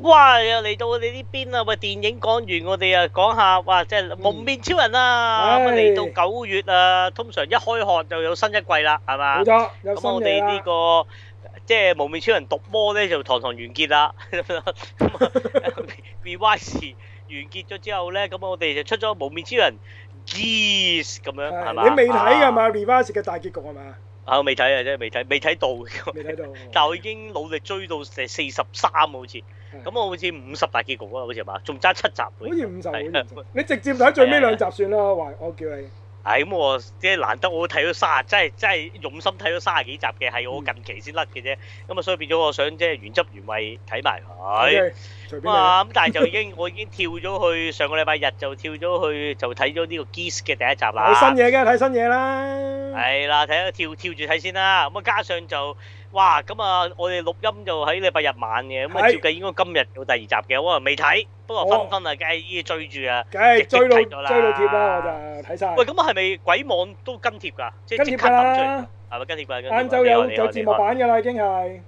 哇！又嚟到我哋呢邊啦，喂！電影講完我講，我哋啊講下哇，即係《幪面超人》啊，嚟、嗯啊、到九月啊，通常一開學就有新一季啦，係嘛？咁、啊、我哋呢、呢個即係《幪面超人》獨播咧，就堂堂完結啦。咁啊，Rewise 完結咗之後咧，咁我哋就出咗《幪面超人 Geats》咁樣係嘛？你未睇㗎嘛？Rewise 嘅大結局係嘛？啊，未睇啊，即係未睇，未睇到。未睇到，到但我已經努力追到第四十三，好似。咁、嗯、我好似五十大結局啊，好似係嘛？仲差七集。好似五十會，你直接睇最尾兩集算啦。我、啊、我叫你。係咁我即係難得我睇咗三，真係真係用心睇咗三十幾集嘅，係我近期先甩嘅啫。咁啊，所以變咗我想即係原汁原味睇埋佢。哇、嗯！咁、嗯、但係就已經我已經跳咗去上個禮拜日就跳咗去就睇咗呢個《Geats》嘅第一集啦。睇新嘢嘅，睇新嘢啦。係啦，睇下跳跳住睇先啦。咁、嗯、啊，加上就。哇！咁啊，我哋錄音就喺禮拜日晚嘅，咁啊，照計應該今日到第二集嘅。我啊未睇，不過分分啊，梗係依追住啊，追到追到貼啦，我就睇晒。喂，咁啊，係咪鬼網都跟貼噶？跟貼噶啦，即係即刻追，係咪跟貼噶？晏晝有字幕版噶啦，已經係。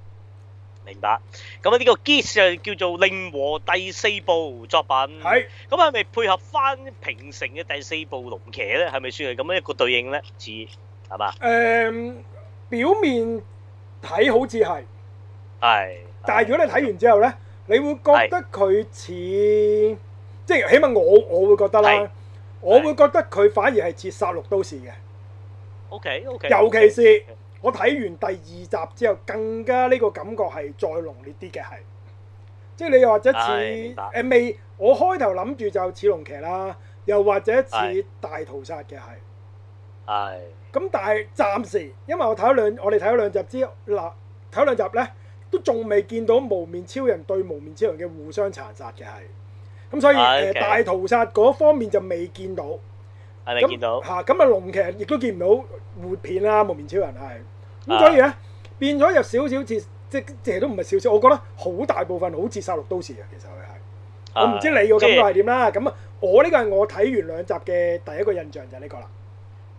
明白。咁啊，呢個 GEATS 啊叫做《令和》第四部作品。係。咁啊，係咪配合翻平成嘅第四部龍騎咧？係咪算係咁樣一個對應咧？似係嘛？誒，表面。睇好似係，係，但係如果你睇完之後呢，是你會覺得佢似，是即係起碼我我會覺得啦，是我會覺得佢反而係似殺戮都市嘅。尤其是我睇完第二集之後，更加呢個感覺係再濃烈啲嘅係，即係你又或者似誒未，我開頭諗住就似龍騎啦，又或者似大屠殺嘅係。係咁，但係暫時，因為我睇咗兩，我哋睇咗兩集之後，嗱，睇咗兩集咧，都仲未見到幪面超人對幪面超人嘅互相殘殺嘅係，咁所以誒 Okay.、呃、大屠殺嗰方面就未見到，咁、啊，吓，咁啊龍騎亦都見唔到活片啦，幪面超人係，咁所以咧、啊、變咗有少少似，即係都唔係少少，我覺得好大部分好似殺戮都市啊，其實佢係，啊、我唔知你個感覺係點啦，咁啊，我呢個係我睇完兩集嘅第，第一個印象就係呢個啦。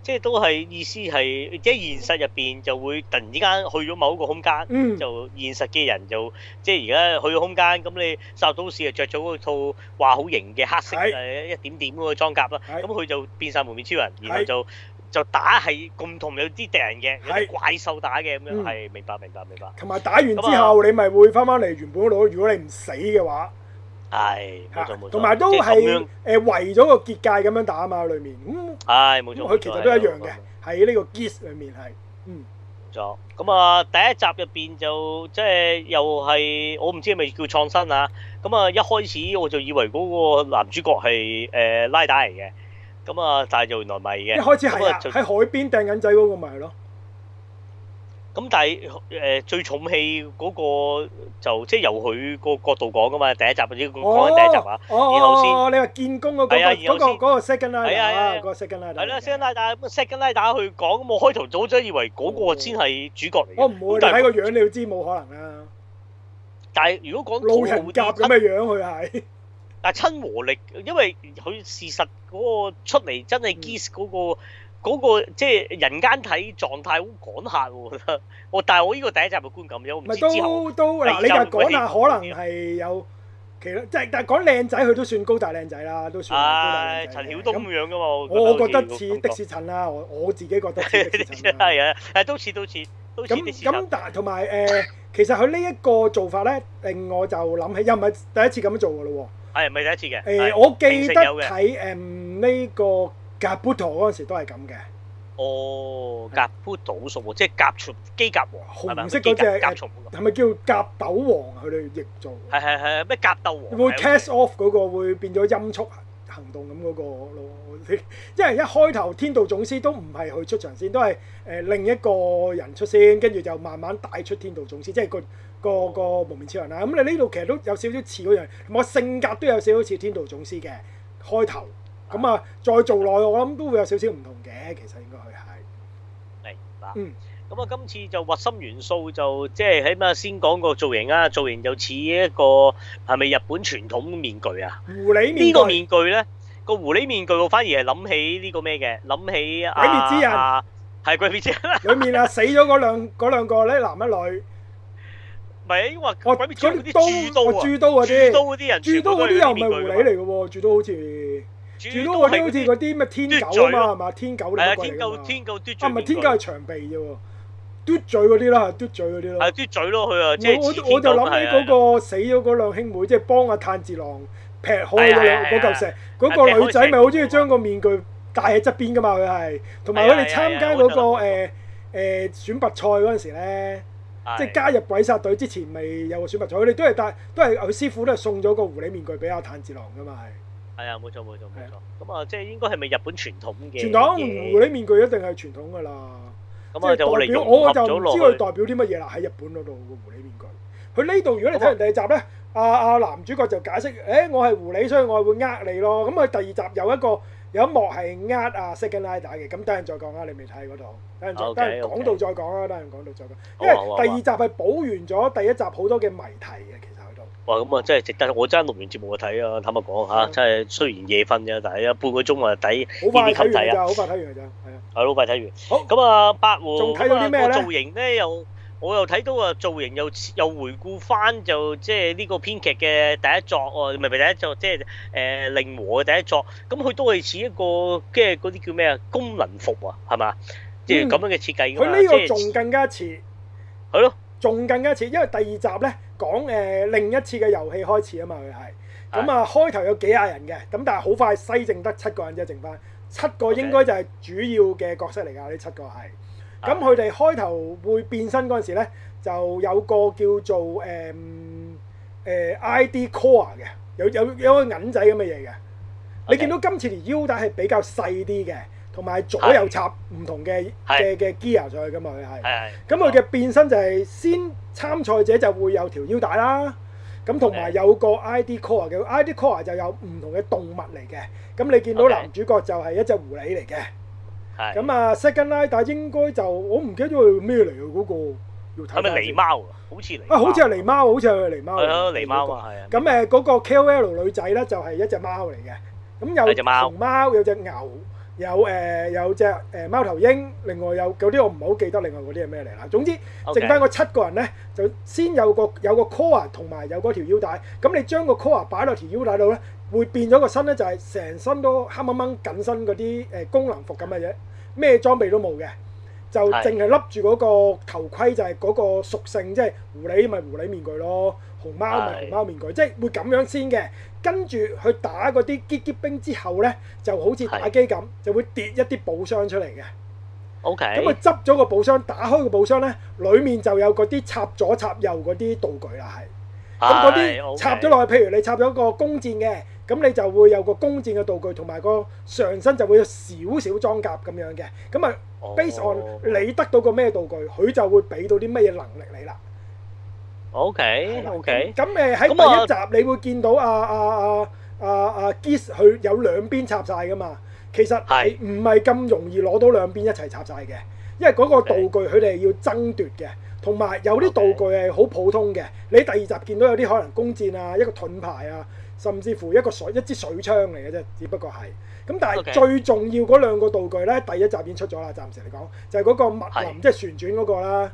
即係都係意思係，即係現實入邊就會突然之間去咗某一個空間，嗯、就現實嘅人就即係而家去咗空間咁，你殺到時就着咗套話好型嘅黑色誒是一點點嗰個裝甲啦。咁佢是就變晒幪面超人，是然後就就打係共同有啲敵人嘅，有啲是是怪獸打嘅咁樣。係、嗯、明白，明白，明白。同埋打完之後，麼你咪會翻翻嚟原本嗰度。如果你唔死嘅話。係，吓、哎，同埋、啊、錯都係誒圍咗個結界咁樣打嘛，裏面咁，係冇錯佢其實都一樣嘅，喺呢的個 GEATS 裏面係，嗯，咁啊第一集入邊就即係又係我唔知係咪叫創新啊，咁啊一開始我就以為嗰個男主角係誒、呃、拉打嚟嘅。咁啊但係就原來唔係嘅，一開始係喺海邊掟銀仔嗰個咪係咯。咁但係誒最重氣嗰個就即係由佢個角度講噶嘛，第一集啊，講緊第一集啊，然後先你話建功嗰個，嗰個嗰個石根拉打啊，嗰個石根拉啦，石根拉打石根拉打去講，咁我開頭早真以為嗰個先係主角嚟，我唔會，但係睇個樣你要知冇可能啊。但係如果講路人甲咁嘅樣，佢係，但係親和力，因為佢事實嗰個出嚟真係 kiss 嗰個。嗰個即係人間體狀態好趕客喎，我但係我呢個第一集嘅觀感咧，我唔係都都，嗱，你話趕客可能係有，其實即係但係，講靚仔佢都算高大靚仔啦，都算陳曉東咁樣噶嘛，我我覺得似的士陳啦，我我自己覺得係啊，係都似都似咁，咁但係同埋誒，其實佢呢一個做法咧，令我就諗起又唔係第一次咁樣做噶咯喎，係唔係第一次嘅？誒我記得睇誒呢個。甲波特嗰陣時都係咁嘅。哦，甲波特好熟喎，即係甲蟲、機甲王，紅色嗰隻，係咪叫甲鬥王啊？佢哋譯做係係係咩？係係甲鬥王,係係甲王會 cast off 嗰、嗰個會變咗音速行動咁、那、嗰個咯。啲，因為一開頭天道總司都唔係去出場先，都係誒另一個人出先，跟住就慢慢帶出天道總司，即係個個個,個幪面超人啦。咁你呢度其實都有少少似嗰樣，同性格都有少少似天道總司嘅開頭。咁啊，再做耐，我諗都會有少少唔同嘅。其實應該佢係明白。嗯，咁啊，今次就核心元素就即係起碼先講個造型啊。造型就似一個係咪日本傳統面具啊？狐狸面具呢個面具咧，個狐狸面具我反而係諗起呢個咩嘅？諗起鬼滅之刃，係鬼滅之刃啦。裡面啊，死咗嗰兩嗰兩個咧，男一女，咪因為哦鬼滅之豬刀豬刀啊，豬刀嗰啲人，豬刀嗰啲又唔係狐狸嚟嘅喎，豬刀好似。住咯，啲好似嗰啲咩天狗啊嘛，係嘛？天狗嚟得貴啊嘛。啊，唔係天狗係長鼻啫喎，嘟嘴嗰啲咯，嘟嘴嗰啲咯。嘟嘴咯，咯，咯，咯，咯，咯，佢啊，我我就諗起嗰個死咗嗰兩兄妹，即、就、係、是、幫阿、啊、炭治郎劈開嗰兩嚿石。嗰、哎哎、個女仔咪好中意將個面具戴喺側邊噶嘛，佢係。同埋佢哋參加嗰、那個誒誒、哎哎呃呃、選拔賽嗰陣時咧，哎、呀即係加入鬼殺隊之前，咪有個選拔賽。佢哋、哎、呀都係帶，都係佢師傅都係送咗個狐狸面具俾阿、啊、炭治郎㗎嘛係。係啊，冇錯冇錯冇錯。咁啊，即係的應該係咪日本傳統嘅？傳統狐狸面具一定係傳統噶啦。咁啊，代表我，我就唔知佢代表啲乜嘢啦。喺日本嗰度，個狐狸面具。佢呢度如果你睇完第二集咧吧、啊，啊，阿男主角就解釋：，誒、欸，我係狐狸，所以我會呃你咯。咁佢第二集有一個有一幕係呃啊，Secondida 嘅。咁等陣再講啦，你未睇嗰度。等陣再，okay, okay. 等講到再講啦，等陣講到再講。吧因為第二集係補完咗第一集好多嘅謎題嘅。其實哇，咁啊，真係值得！我爭錄完節目我睇啊，坦白講嚇、啊，真係雖然夜瞓嘅，但係有半個鐘啊，抵。快好快睇完㗎，好快睇完㗎，啊。係咯，快睇完。好咁啊，八和。仲睇到啲咩造型咧又，我又睇到啊，造型又又回顧翻，就即係呢個編劇嘅第一作哦、啊，唔係唔係第一作，即係誒令和嘅第一作。咁佢都係似一個即係嗰啲叫咩啊？功能服啊，係嘛？即係咁樣嘅設計、啊。佢呢、嗯、個仲更加似。係咯。仲更加似，因為第二集咧講誒另一次嘅遊戲開始啊嘛，佢係咁啊開頭是的 有幾廿人嘅，咁但係好快西淨得七個人啫，剩翻七個應該就係主要嘅角色嚟㗎，呢 Okay. 七個係咁佢哋開頭會變身嗰陣時咧，就有個叫做誒誒、呃呃、ID Core 嘅，有有有一個銀仔咁嘅嘢嘅，Okay. 你見到今次條腰帶係比較細啲嘅。同埋左右插唔同嘅嘅嘅 gear 上去㗎嘛，佢係。咁佢嘅變身就係先參賽者就會有條腰帶啦，咁同埋有個 ID core 嘅 ID core 就有唔同嘅動物嚟嘅。咁你見到男主角就係一隻狐狸嚟嘅。咁啊 second light 應該就我唔記得咗佢咩嚟㗎嗰個，要睇咩？狸貓好似。啊，好似係狸貓，好似係狸貓。係狸貓咁，誒嗰個 KOL 女仔咧就係一隻貓嚟嘅，咁有熊貓，有隻牛。有誒、呃、有隻誒、呃、貓頭鷹，另外有嗰啲我唔好記得，另外嗰啲係咩嚟啦？總之 Okay. 剩翻個七個人咧，就先有個有個 core 同埋有嗰條腰帶。咁你將個 core 擺落條腰帶度咧，會變咗個身咧，就係成身都黑掹掹緊身嗰啲誒功能服咁嘅嘢，咩裝備都冇嘅，就淨係笠住嗰個頭盔，就係嗰個屬性，即係狐狸咪狐狸面具咯。同貓咪同貓面具，的即係會咁樣先嘅。跟住去打嗰啲結結冰之後呢，就好似打機咁，的就會跌一啲寶箱出嚟嘅。OK，咁佢執咗個寶箱，打開個寶箱呢，裡面就有嗰啲插左插右嗰啲道具啦。係咁嗰啲插咗落去，Okay 譬如你插咗個弓箭嘅，咁你就會有個弓箭嘅道具，同埋個上身就會有少少裝甲咁樣嘅。咁啊，base on 你得到個咩道具，佢就會俾到啲咩嘢能力你啦。O K，O K，咁誒喺第一集你會見到阿阿阿阿阿 Geats 佢有兩邊插晒㗎嘛？其實係唔係咁容易攞到兩邊一齊插晒嘅？因為嗰個道具佢哋要爭奪嘅，同埋有啲道具係好普通嘅。Okay. 你第二集見到有啲可能弓箭啊，一個盾牌啊，甚至乎一個一水一支水槍嚟嘅啫，只不過係咁。但係最重要嗰兩個道具咧，第一集已經出咗啦。暫時嚟講，就係、是、嗰個密林是即係旋轉嗰、那個啦。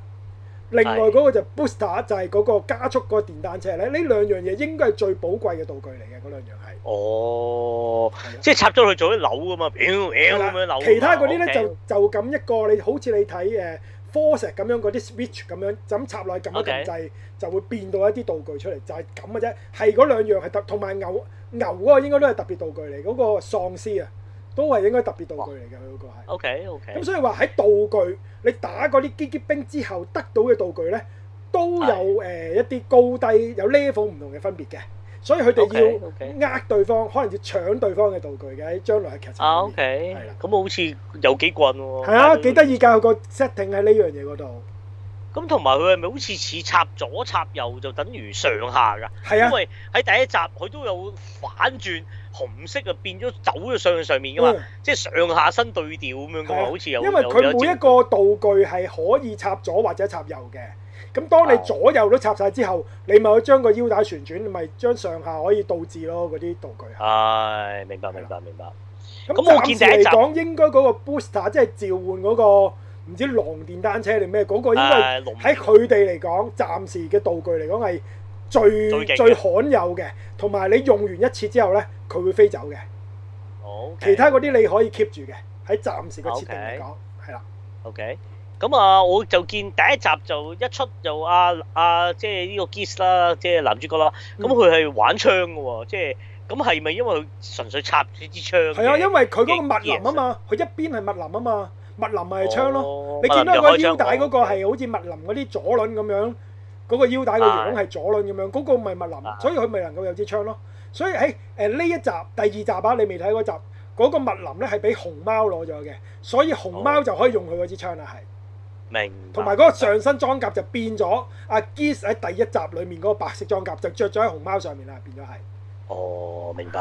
另外嗰個就 Booster 就係嗰個加速個電單車咧。呢兩樣嘢應該係最寶貴嘅道具嚟嘅。嗰兩樣係哦，了即係插咗去做一扭噶嘛，咁了、呃、樣扭。其他嗰啲咧，就就咁一個，好你好似你睇誒 Fourze 咁樣嗰啲 switch 咁樣就咁插落去撳一撳掣，Okay. 就會變到一啲道具出嚟，就係咁嘅啫。係，嗰兩樣係特，同埋牛牛嗰個應該都係特別道具嚟嗰，嗰個喪屍啊。都係應該特別道具嚟嘅，佢嗰個係。OK，OK。咁所以話喺道具，你打嗰啲機機兵之後得到嘅道具咧，都有誒的、呃、一啲高低有 level 唔同嘅分別嘅。所以佢哋要呃 Okay, okay. 對方，可能要搶對方嘅道具嘅喺將來嘅劇情。O K、啊。係、okay. 啦的，咁好似有幾棍喎。係啊，幾得意㗎個 setting 喺呢樣嘢嗰度。咁同埋佢係咪好似似插左插右就等於上下㗎？係啊，因為喺第一集佢都有反轉紅色啊變咗走咗上去上面㗎嘛，嗯、即係上下身對調咁樣㗎嘛，啊、好似有因為佢每一個道具係可以插左或者插右嘅，咁當你左右都插晒之後，啊、你咪去將個腰帶旋轉，咪將上下可以倒置咯嗰啲道具。係、啊，明白明白，啊、明白。咁暫時嚟講，應該嗰個 Booster 即係召喚嗰，嗰個。唔知狼電單車定咩嗰個應該，因為喺佢哋嚟講，暫時嘅道具嚟講係最最，最罕有嘅，同埋你用完一次之後咧，佢會飛走嘅。好，Okay. 其他嗰啲你可以 keep 住嘅，喺暫時嘅設定嚟講係啦。OK，咁啊，我就見第一集就一出就啊，阿即係呢個 Geats 啦，即係男主角啦。咁佢係玩槍嘅喎，即係咁係咪因為佢純粹插住支槍？係啊，因為佢嗰個密林啊嘛，佢一邊係密林啊嘛。密林咪係槍咯，噢你見到嗰個腰帶嗰個係好似密林嗰啲左輪咁樣，嗰個腰帶個樣係左輪咁樣，嗰噢個咪密噢林，噢所以佢咪能夠有支槍咯。所以喺誒呢一集第二集啊，你未睇嗰集，嗰、那個密林咧係俾熊貓攞咗嘅，所以熊貓就可以用佢嗰支槍啦，係噢。是明白。同埋嗰個上身裝甲就變咗，阿 Geats 喺第一集裏面嗰個白色裝甲就着咗喺熊貓上面啦，變咗係。哦，明白。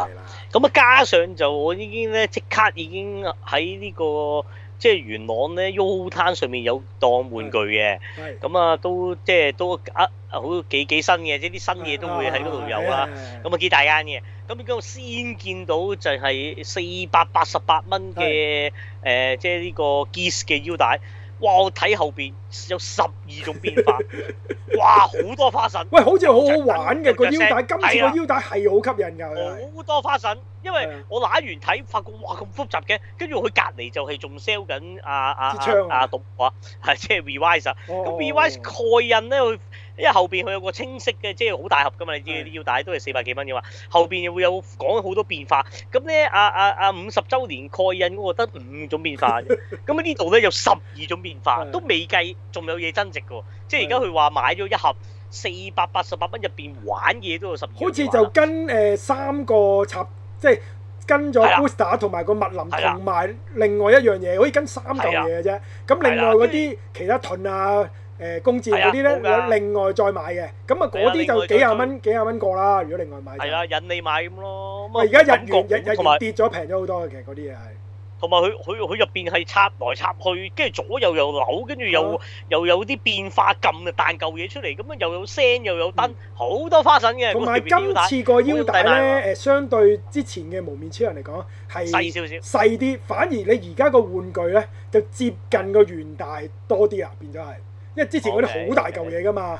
咁啊了，加上就我已經咧即刻已經喺呢、這個。即係元朗咧，U 攤上面有當玩具嘅，咁啊都即係都啊好幾幾新嘅，即係啲、啊、新嘢都會喺嗰度有啦，咁啊幾大間嘅。咁咁我先見到就係四百八十八蚊嘅誒，即係呢個 GEATS 嘅腰帶。哇！我睇後邊有十二種變化， 哇！好多花神，喂，好似好好玩嘅個腰帶，今次個腰帶係好吸引㗎，好多花神。是的 因為我揦完睇，發覺哇咁複雜嘅，跟住佢隔籬就係仲 sell 緊阿阿阿獨啊，係、啊啊啊、即係 revise 咁、哦、revise 蓋印咧佢。因為後邊佢有個清晰嘅，即係好大盒噶嘛，你知腰帶都係四百幾蚊嘅話。後邊又會有講好多變化，咁咧啊啊啊五十周年蓋印，我覺得五種變化。咁 呢度咧有十二種變化， 都未計仲有嘢增值嘅。 即係而家佢話買咗一盒四百八十八蚊，入邊玩嘢都有十二。好似就跟誒、呃、三個插，即係跟咗 poster 同埋個密林，同埋的另外一樣嘢，可以跟三嚿嘢嘅啫。咁另外嗰啲其他盾啊。誒公仔嗰啲咧，我另外再買嘅，咁啊嗰啲就幾廿蚊，幾廿蚊個啦。如果另外買，係啊，引你買咁咯。我而家日元日日跌咗，平咗好多啊！其實嗰啲嘢係。同埋佢佢佢入邊係插來插去，跟住左右又扭，跟住又又有啲變化，撳啊彈嚿嘢出嚟，咁啊又有聲又有燈，好多花神嘅。同埋今次個腰帶咧，誒相對之前嘅幪面超人嚟講係細少少，細啲。反而你而家個玩具咧就接近個原大多啲啊，變咗係。之前嗰啲好大嚿嘢噶嘛，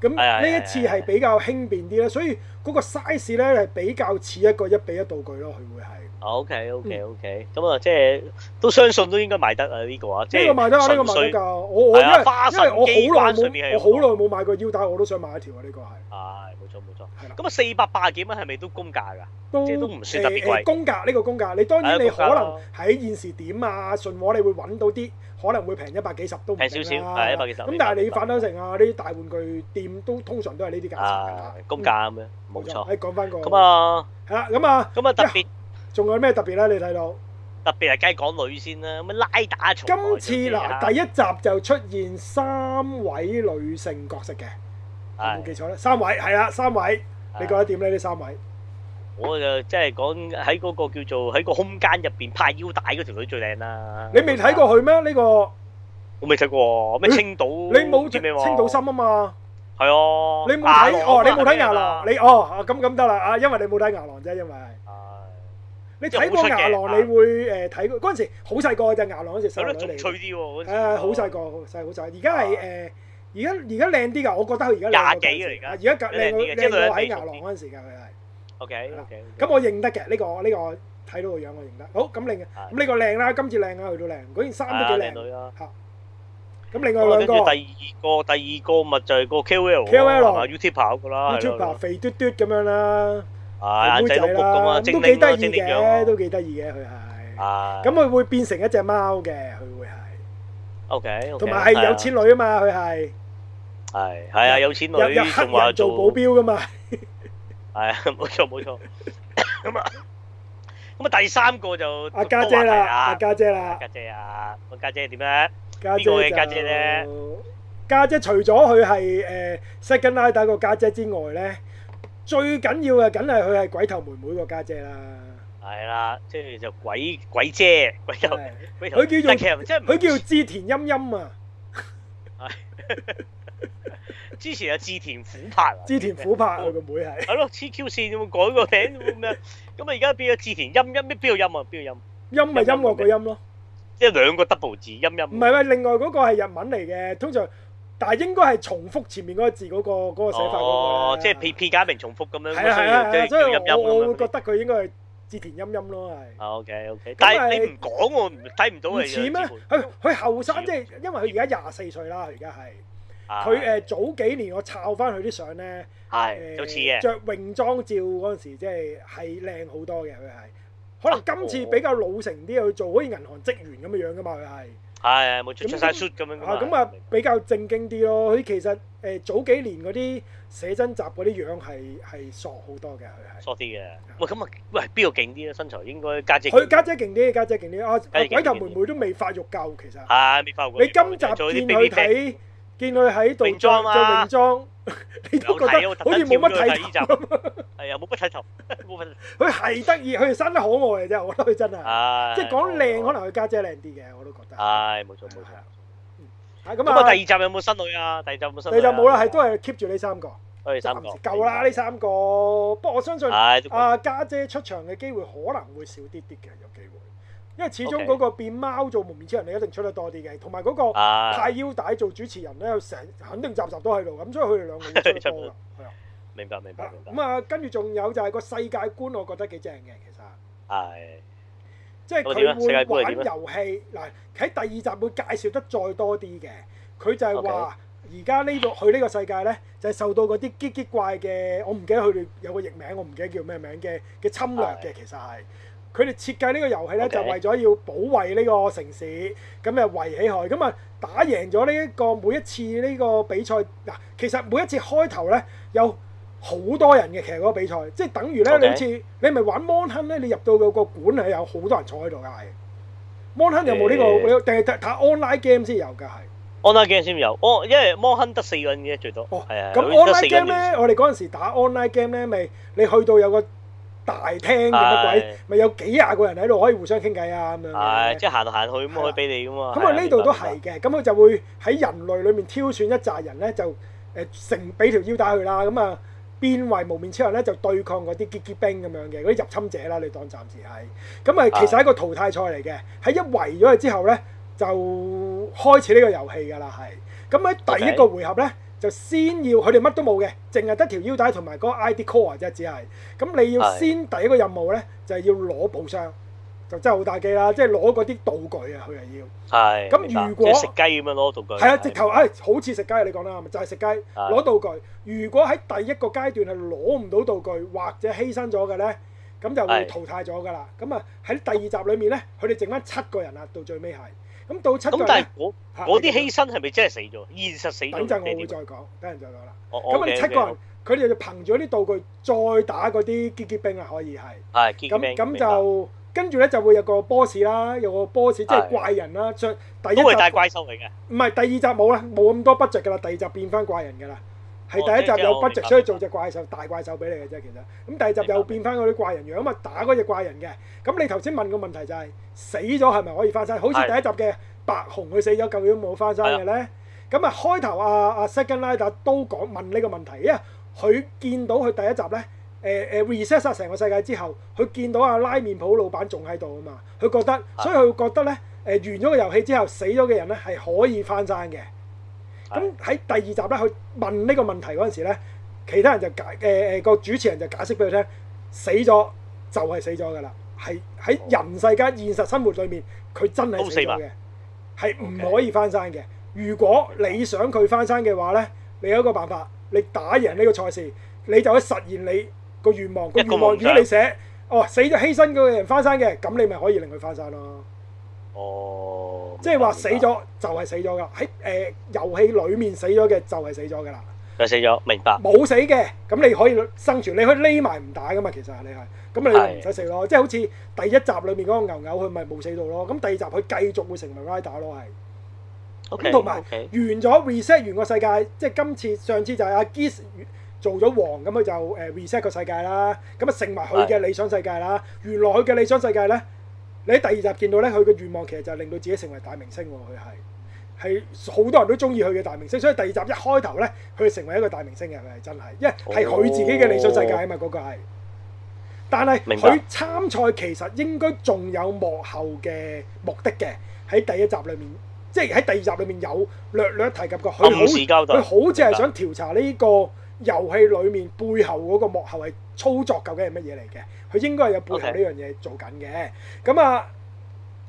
咁呢一次係比較輕便啲啦。所以嗰個 size 咧係比較似一個一比一道具咯，佢會係。OK OK OK，咁啊，即係都相信都應該買得啊呢個啊，即係純粹我花神機板，上面我好耐冇買過腰帶，我都想買一條啊呢個係。係冇錯冇錯，係啦。咁啊四百八十幾蚊係咪都公價㗎？即係都唔算特別貴。公價呢個公價，你當然你可能喺現時點啊順我，你會揾到啲。可能會平一百幾十都平少少，係一百幾十。咁但係你反斗城啊，呢啲大玩具店都通常都係呢啲價錢㗎，公價咩？冇錯。誒，講翻個咁啊，係啦，咁啊，咁啊特別，仲有咩特別咧？你睇到特別係梗係講女先啦，咁拉打今次嗱，第一集就出現三位女性角色嘅，有冇記錯咧，三位係啦，三位，你覺得點咧？呢三位？我就即係講喺嗰個叫做喺個空間入邊派腰帶嗰條女最靚啦！你未睇過佢咩？呢個我未睇過咩？青島你冇青島心啊嘛？係啊，你冇睇哦，你冇睇牙狼你哦，咁咁得啦啊！因為你冇睇牙狼啫，因為你睇過牙狼你會誒睇嗰陣時好細個隻牙狼嗰陣時細女嚟，有趣啲啊！好細個，細好細，而家係誒，而家而家靚啲噶，我覺得佢而家廿幾嘅而家，而家靚靚我喺牙狼嗰陣時噶佢。O K，咁我認得嘅呢個呢個睇到個樣我認得。好，咁另，咁呢個靚啦，今次靚啦，佢都靚，嗰件衫都幾靚。女咯，吓。咁另外兩個，第二個第二個咪就係個 KOL，KOL 同埋 YouTuber 噶啦，YouTuber 肥嘟嘟咁樣啦，係眼鏡佬嚟啦，都幾得意嘅，都幾得意嘅佢係。啊，咁佢會變成一隻貓嘅，佢會係。O K，同埋係有錢女啊嘛，佢係。係係啊，有錢女有黑人做保鏢噶嘛。係啊，冇錯冇錯。咁啊，咁啊，第三個就阿家姐啦，阿家姐啦，家姐啊，個家姐點咧？家姐就家姐，除咗佢係誒 Second Rider 個家姐之外咧，最緊要啊，梗係佢係鬼頭妹妹個家姐啦。係啦，即係就鬼鬼姐，鬼頭鬼頭，佢叫做佢叫做志田音音啊。係。之前啊，志田琥珀，志田琥珀我個妹係係咯，TQ 線有冇改個名咁樣，咁啊而家變咗志田音音，邊個音啊？邊個音？音咪音樂個音咯，即係兩個 double 字音音。唔係喂，另外嗰個係日文嚟嘅，通常但係應該係重複前面嗰個字嗰個嗰個寫法。哦，即係撇撇加明重複咁樣。係即係。所以我我會覺得佢應該係志田音音咯，係。OK OK，但係你唔講我睇唔到佢。似咩？佢佢後生，即係因為佢而家廿四歲啦，佢而家係。佢誒早幾年我抄返佢啲相咧，係，有似嘅。著泳裝照嗰陣時，即係係靚好多嘅佢係。可能今次比較老成啲去做，好似銀行職員咁嘅樣㗎嘛佢係。係係冇錯，出曬 shout 咁樣嘛。嚇咁啊，比較正經啲咯。佢其實誒早幾年嗰啲寫真集嗰啲樣係係索好多嘅佢係。索啲嘅。喂咁啊，喂邊個勁啲咧？身材應該家姐。佢家姐勁啲，家姐勁啲啊！鬼頭妹妹都未發育夠，其實。係未發育。你今集見佢睇。見佢喺度着着泳裝，你都覺得好似冇乜睇頭咁。係啊，冇乜睇頭，冇睇頭。佢係得意，佢生得可愛嘅啫，我覺得佢真係。係，即係講靚，可能佢家姐靚啲嘅，我都覺得。係冇錯冇錯。咁啊，第二集有冇新女啊？第二集有冇新女？第二集冇啦，係都係 keep 住呢三個。係三個夠啦，呢三個。不過我相信啊家姐出場嘅機會可能會少啲啲嘅，有機會。因為始終嗰個變貓做幪面超人，你一定出得多啲嘅。同埋嗰個太腰帶做主持人咧，成、uh、肯定集集都喺度咁，所以佢哋兩個要出得多嘅。係啊 的，明白明白咁、嗯、啊，跟住仲有就係個世界觀，我覺得幾正嘅其實。係、uh。即係佢會玩，玩遊戲嗱，喺、uh、第二集會介紹得再多啲嘅。佢就係話、這個，而家呢度去呢個世界咧，就係、是、受到嗰啲激激怪嘅，我唔記得佢哋有個譯名，我唔記得叫咩名嘅嘅侵略嘅，uh、其實係。佢哋設計呢個遊戲咧，Okay. 就為咗要保衞呢個城市，咁誒圍起佢，咁啊打贏咗呢一個每一次呢個比賽。嗱，其實每一次開頭咧，有好多人嘅，其實嗰個比賽即係等於咧、Okay. 你好似你咪玩 Monhan 咧，你入到個個館係有好多人坐喺度嘅。Monhan 有冇呢、呢個定係、欸、打 online game 先有㗎？係 online game 先有，哦，因為 Monhan 得四個人嘅最多。哦，係啊，咁、嗯、online game 咧，我哋嗰陣時打 online game 咧，咪你去到有個大廳嘅乜鬼，咪的有幾廿個人喺度可以互相傾偈啊咁的樣，即係行到行去都可以俾你噶嘛。咁啊呢度都係嘅，咁佢就會喺人類裏面挑選一紮人咧，就誒、呃、成俾條腰帶佢啦，咁啊變為幪面超人咧，就對抗嗰啲機器兵咁樣嘅嗰啲入侵者啦。你當暫時係，咁啊其實係一個淘汰賽嚟嘅，喺的一圍咗佢之後咧，就開始呢個遊戲㗎啦。係，咁喺第一個回合咧。Okay. 就先要佢哋乜都冇嘅，淨係得條腰帶同埋嗰個 ID core 即只係咁，你要先第一個任務咧，是的 就係要攞寶箱，就真係好大劑啦，即係攞嗰啲道具啊，佢係要。係的。咁如果即係食雞咁樣攞道具。係啊，直頭誒是的、哎，好似食雞你講啦，就係、是、食雞攞是的 道具。如果喺第一個階段係攞唔到道具或者犧牲咗嘅咧，咁就會淘汰咗㗎啦。咁啊喺第二集裡面咧，佢哋剩翻七個人啦，到最尾係。咁到七個咁，但係我啲犧牲係咪真係死咗？現實死咗。等陣我會再講，等陣再講啦。咁我哋七個人佢哋就憑住嗰啲道具再打嗰啲結結冰啊，可以係。係咁咁就跟住咧就會有個 boss 啦，有個 boss 即係怪人啦。出第一集係怪獸嚟嘅。唔係，第二集冇啦，冇咁多 budget 㗎啦。第二集變翻怪人㗎啦。係第一集有 budget，所以做隻怪獸，大怪獸俾你嘅啫。其實咁第二集又變翻嗰啲怪人樣啊打嗰隻怪人嘅。咁你頭先問個問題就係、是、死咗係咪可以翻生？好似第一集嘅白熊佢死咗究竟冇翻生嘅咧？咁的啊開頭啊，阿 Second Light 都講問呢個問題，因為佢見到佢第一集咧，誒、呃、誒、啊、reset 晒成個世界之後，佢見到阿、啊、拉麵鋪老闆仲喺度啊嘛，佢覺得的所以佢會覺得咧誒、呃、完咗個遊戲之後死咗嘅人咧係可以翻生嘅。咁喺第二集咧，去問呢個問題嗰陣時咧，其他人就解誒誒，個主持人就解釋俾佢聽，死咗就係死咗㗎啦，係喺人世間現實生活裏面，佢真係死咗嘅，係唔可以翻生嘅。如果你想佢翻生嘅話咧，你有一個辦法，你打贏呢個賽事，你就可以實現你個願望。個願望，如果你寫哦死咗犧牲嗰個人翻生嘅，咁你咪可以令佢翻生咯。哦，即係話死咗白就係死咗噶，喺誒遊戲裏面死咗嘅就係死咗噶啦。就死咗，明白？冇死嘅，咁你可以生存，你可以匿埋唔打噶嘛。其實你係，咁你唔使死咯。的即係好似第一集裏面嗰個牛牛，佢咪冇死到咯。咁第二集佢繼續會成為 Rider 咯，係。同埋完咗 reset 完個世界，即係今次上次就係阿 Geats 做咗王，咁佢就誒、呃、reset 個世界啦。咁啊，成埋佢嘅理想世界啦。的原來佢嘅理想世界咧。你喺第二集見到咧，佢嘅願望其實就係令到自己成為大明星啊。佢係係好多人都中意佢嘅大明星，所以第二集一開頭咧，佢成為一個大明星嘅佢係真係，因為係佢自己嘅理想世界啊嘛，嗰個係。但係是佢白參賽其實應該仲有幕後嘅目的嘅，喺第一集裡面，即係喺第二集裡面有略略提及過。佢好似佢好似係想調查呢個遊戲裡面白背後嗰個幕後係。操作究竟係乜嘢嚟嘅？佢應該係有背後呢樣嘢做緊嘅。咁啊 Okay.、嗯，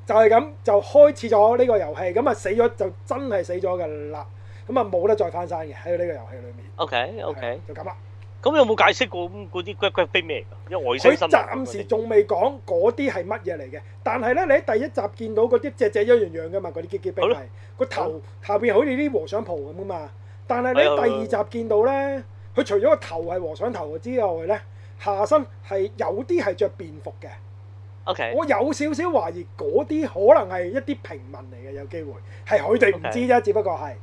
就係、是、咁就開始咗呢個遊戲。咁、嗯、啊死咗就真係死咗㗎啦。咁啊冇得再翻生嘅喺呢個遊戲裡面。O K O K 就咁啦。咁、 嗯、有冇解釋過嗰啲鬼鬼飛咩，因為我意思佢暫時仲未講嗰啲係乜嘢嚟嘅。但係呢，你喺第一集見到嗰啲隻隻一樣樣嘅嘛？嗰啲機機兵係個 頭下邊好似啲和尚袍咁嘅嘛。但係你喺第二集見到呢，佢除咗個頭係和尚頭之外呢。呢 下身係有啲係着便服嘅，OK，我有少少懷疑嗰啲可能係一啲平民嚟嘅，有機會係佢哋唔知啫，Okay. 只不過係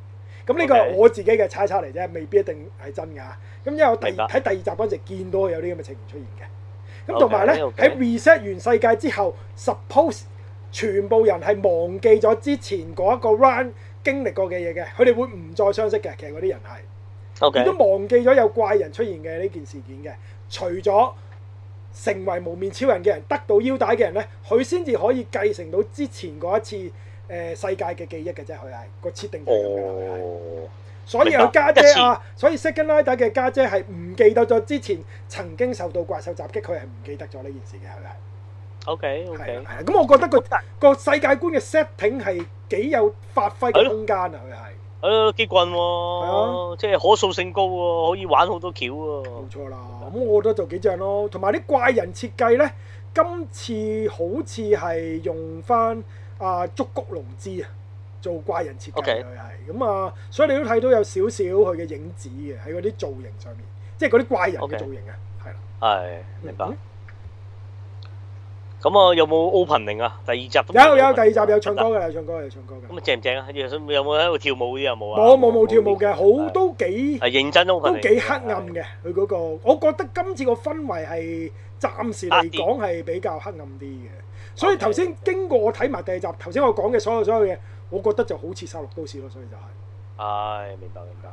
咁呢個係我自己嘅猜測嚟啫，未必一定係真㗎。咁因為我第喺第二集嗰陣見到有啲咁嘅情形出現嘅，咁同埋咧喺 reset 完世界之後，suppose 全部人係忘記咗之前嗰一個 run 經歷過嘅嘢嘅，佢哋會唔再相識嘅。其實嗰啲人係亦 Okay. 都忘記咗有怪人出現嘅呢件事件嘅。除咗成為幪面超人嘅人得到腰帶嘅人呢，佢先至可以繼承到之前嗰一次誒、呃、世界嘅記憶嘅啫。佢係、這個設定咁所以有家姐，姐啊，所以 Second Rider 嘅家姐係唔記得咗之前曾經受到怪獸襲擊，佢係唔記得咗呢件事嘅，係咪？O K O K，係啊，係啊 Okay, okay.。咁我覺得個個世界觀嘅 setting 係幾有發揮嘅空間啊，佢係、哎呀。誒、啊、幾棍喎、啊，啊、即係可塑性高喎、啊，可以玩好多橋喎、啊。冇錯啦，咁我覺得就幾正咯。同埋啲怪人設計咧，今次好似係用翻阿竹谷隆之啊做怪人設計嘅，係咁 Okay. 啊。所以你都睇到有少少佢嘅影子嘅喺嗰啲造型上面，即係嗰啲怪人嘅造型 Okay. 啊，係啦，係明白。嗯咁啊，有冇 opening 啊？第二集都有有第二集有唱歌嘅，有唱歌嘅，有唱歌嘅。咁啊正唔正啊？有有冇喺度跳舞嗰啲有冇啊？我冇冇跳舞嘅，好都幾係認真，都都幾黑暗嘅。佢嗰個，我覺得今次個氛圍係暫時嚟講係比較黑暗啲嘅。所以頭先經過我睇埋第二集，頭先我講嘅所有所有嘢，我覺得就好似《殺戮都市》咯。所以就係，唉，明白明白。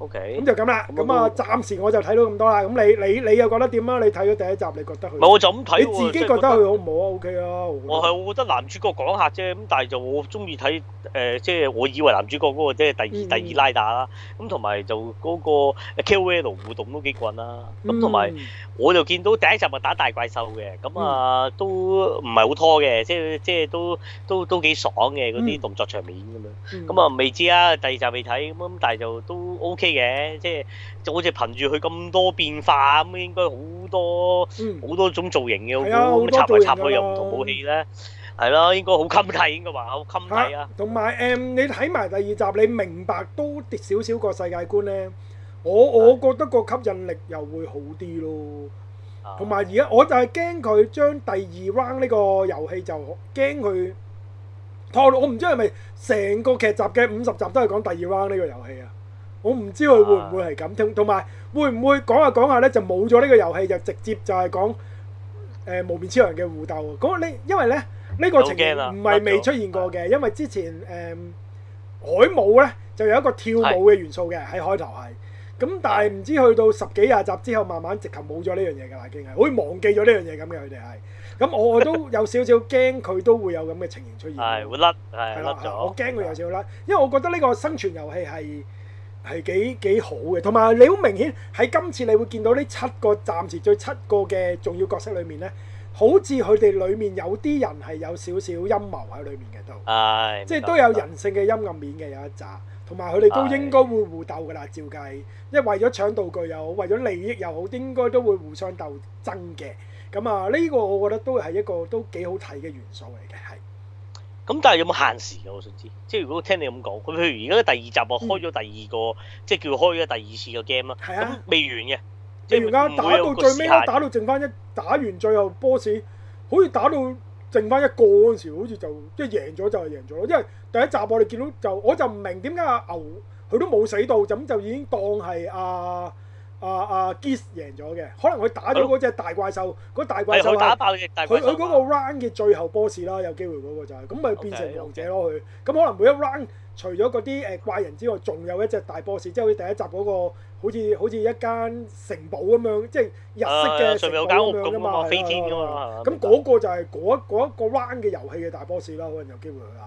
O K，咁就咁啦，咁啊，暫時我就睇到咁多啦。咁你你你又覺得點啊？你睇咗第一集，你覺得佢唔係我就咁睇，你自己覺得佢好唔好啊？O K 啊，我係我覺得男主角講下啫，咁但係就我中意睇誒，即係我以為男主角嗰個即係第二第二拉打啦，咁同埋就嗰個 KOL 互動都幾棍啦。咁同埋我就見到第一集咪打大怪獸嘅，咁啊都唔係好拖嘅，即係即係都都都幾爽嘅嗰啲動作場面咁樣。咁啊未知啊，第二集未睇，咁但係就都 O K。嘅，即係好似憑住佢咁多變化咁，應該好多好、嗯、多種造型嘅，咁、嗯、插埋插去唔同武器咧，係咯、嗯，應該好襟睇應該話，好襟睇啊！同埋、啊，誒、啊嗯，你睇埋第二集，你明白多少少個世界觀咧？點點嗯、我我覺得個吸引力又會好啲咯。同埋而家，我就係驚佢將第二 round 呢個遊戲就驚佢，我我唔知係咪成個劇集嘅五十集都係講第二 round 呢個遊戲啊！我唔知佢會唔會係咁，同同埋會唔會講下講下咧就冇咗呢個遊戲，就直接就係講誒幪面超人嘅互鬥啊！咁你因為咧呢個情形唔係未出現過嘅，因為之前誒海舞咧就有一個跳舞嘅元素嘅喺開頭係，咁但係唔知去到十幾廿集之後，慢慢直頭冇咗呢樣嘢㗎喇，已經係好似忘記咗呢樣嘢咁嘅佢哋係。咁我都有少少驚佢都會有咁嘅情形出現，係會甩係甩咗，我驚佢有少少甩，因為我覺得呢個生存遊戲係。係幾幾好嘅，同埋你好明顯喺今次你會見到呢七個暫時最七個嘅重要角色裏面呢，好似佢哋裡面有啲人係有少少陰謀喺裡面嘅都，I 'm 即係都有人性嘅陰暗面嘅有一紮，同埋佢哋都應該會互鬥㗎喇，照計，即係為咗搶道具又好，為咗利益又好，應該都會互相鬥爭嘅。咁啊，呢個我覺得都係一個都幾好睇嘅元素嚟嘅。係。咁但係有冇限時嘅？我想知，即係如果聽你咁講，佢譬如而家第二集啊，開咗第二個，嗯、即係叫開咗第二次嘅 game 啦。係啊、嗯，咁未完嘅，未完啊！打到最尾，打到剩翻一打完最後 boss，好似打到剩翻一個嗰陣時，好似就即係贏咗就係贏咗咯。因為第一集我哋見到就，我就唔明點解阿牛佢都冇死到，就咁就已經當係啊。啊啊啊，Geats 贏咗嘅，可能佢打咗嗰隻大怪獸，嗰、oh. 大怪獸打爆佢，佢嗰個 round 嘅最後 boss 啦，有機會嗰個就係咁咪變成王者咯佢。咁 Okay, okay. 可能每一 round 除咗嗰啲誒怪人之外，仲有一隻大 boss，即係第一集嗰、那個，好似好似一間城堡咁樣，即係日式嘅、uh, yeah, 上面有間屋咁啊嘛，飛、啊、天噶嘛、啊。咁嗰、啊、白個就係嗰一個 round 嘅遊戲嘅大 boss 啦，可能有機會去嗌。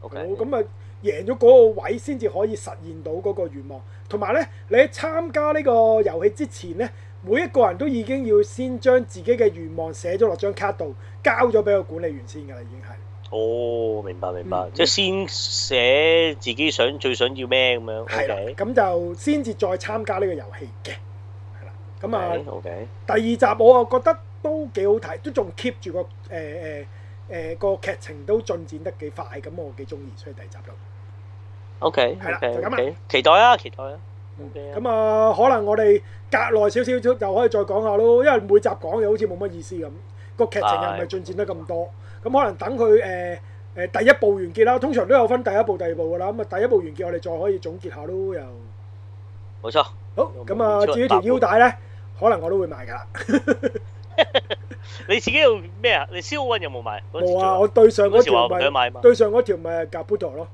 好咁啊，贏咗嗰個位先至可以實現到嗰個願望，同埋咧，你喺參加呢個遊戲之前咧，每一個人都已經要先將自己嘅願望寫咗落張卡度，交咗俾個管理員先噶啦，已經係。哦，明白明白，嗯、即係先寫自己想最想要咩咁樣。係、okay? 咁就先至再參加呢個遊戲嘅。係啦，咁啊，O K。Okay. 第二集我啊覺得都幾好睇，都仲 keep 住個誒誒。呃呃誒個劇情都進展得幾快，咁我幾中意，所以第二集都 OK，係啦，就咁啊，期待啊，期待啊！咁啊，可能我哋隔耐少少，就又可以再講下咯。因為每集講嘢好似冇乜意思咁，個劇情又唔係進展得咁多。咁可能等佢誒誒第一部完結啦，通常都有分第一部、第二部噶啦。咁啊，第一部完結，我哋再可以總結下咯。又冇錯，好咁啊！至於條腰帶咧，可能我都會買噶啦。你自己用咩啊？你燒温有冇買？冇啊！我對上嗰條咪對上嗰條咪甲布陀咯。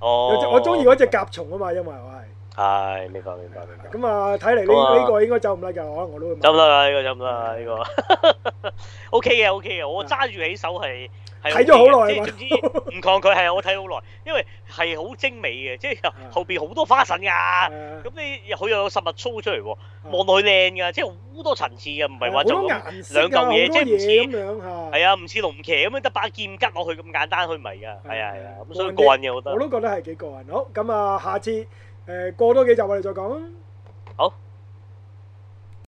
哦，我中意嗰隻甲蟲啊嘛，因為我係係唉，明白明白明白。咁啊，睇嚟呢呢個應該走唔甩架，我我都會買。走唔甩啦，呢個走唔甩，呢個。O K 嘅，O K 嘅，我揸住起手係。睇咗好耐，即係總之唔抗拒。係我睇好耐，因為係好精美嘅，即係後邊好多花神噶。咁你又佢又有實物操出嚟喎，望落去靚噶，即係好多層次噶，唔係話就兩嚿嘢，即係唔似係啊，唔似龍騎咁樣得把劍拮落去咁簡單，佢唔係噶。係啊係啊，咁所以過癮嘅，我都我都覺得係幾過癮。好咁啊，下次誒過多幾集我哋再講。好。